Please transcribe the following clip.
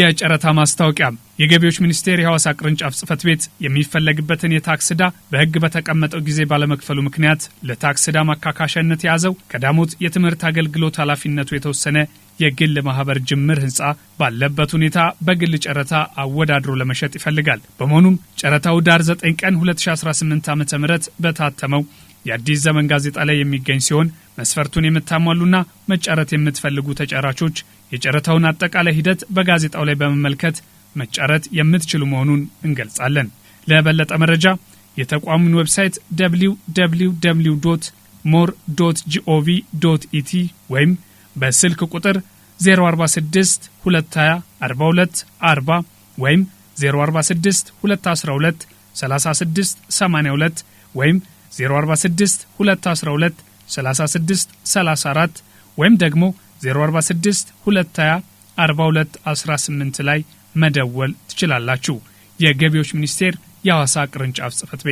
የጨረታ ማስታወቂያ የገቢዎች ሚኒስቴር የሐዋሳ ቅርንጫፍ ጽህፈት ቤት የሚፈለግበትን የታክስ ዕዳ በሕግ በተቀመጠው ጊዜ ባለመክፈሉ ምክንያት ለታክስ ዕዳ ማካካሻነት የያዘው ከዳሞት የትምህርት አገልግሎት ኃላፊነቱ የተወሰነ የግል ማህበር ጅምር ህንፃ ባለበት ሁኔታ በግል ጨረታ አወዳድሮ ለመሸጥ ይፈልጋል። በመሆኑም ጨረታው ዳር 9 ቀን 2018 ዓ ም በታተመው የአዲስ ዘመን ጋዜጣ ላይ የሚገኝ ሲሆን መስፈርቱን የምታሟሉና መጫረት የምትፈልጉ ተጫራቾች የጨረታውን አጠቃላይ ሂደት በጋዜጣው ላይ በመመልከት መጫረት የምትችሉ መሆኑን እንገልጻለን። ለበለጠ መረጃ የተቋሙን ዌብሳይት www ሞር ጂኦቪ ኢቲ ወይም በስልክ ቁጥር 046 220 42 40 ወይም 046 212 36 82 ወይም 046 212 36 34 ወይም ደግሞ 046 220 42 18 ላይ መደወል ትችላላችሁ። የገቢዎች ሚኒስቴር የሐዋሳ ቅርንጫፍ ጽህፈት ቤት